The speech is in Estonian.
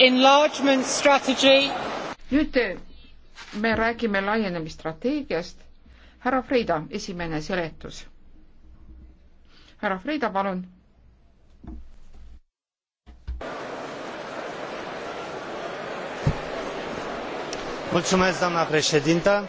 enlargement strategy. nüüd me räägime laienemisstrateegiast. härra Freida, esimene seletus. härra Freida, palun. mulțumesc, doamna președintă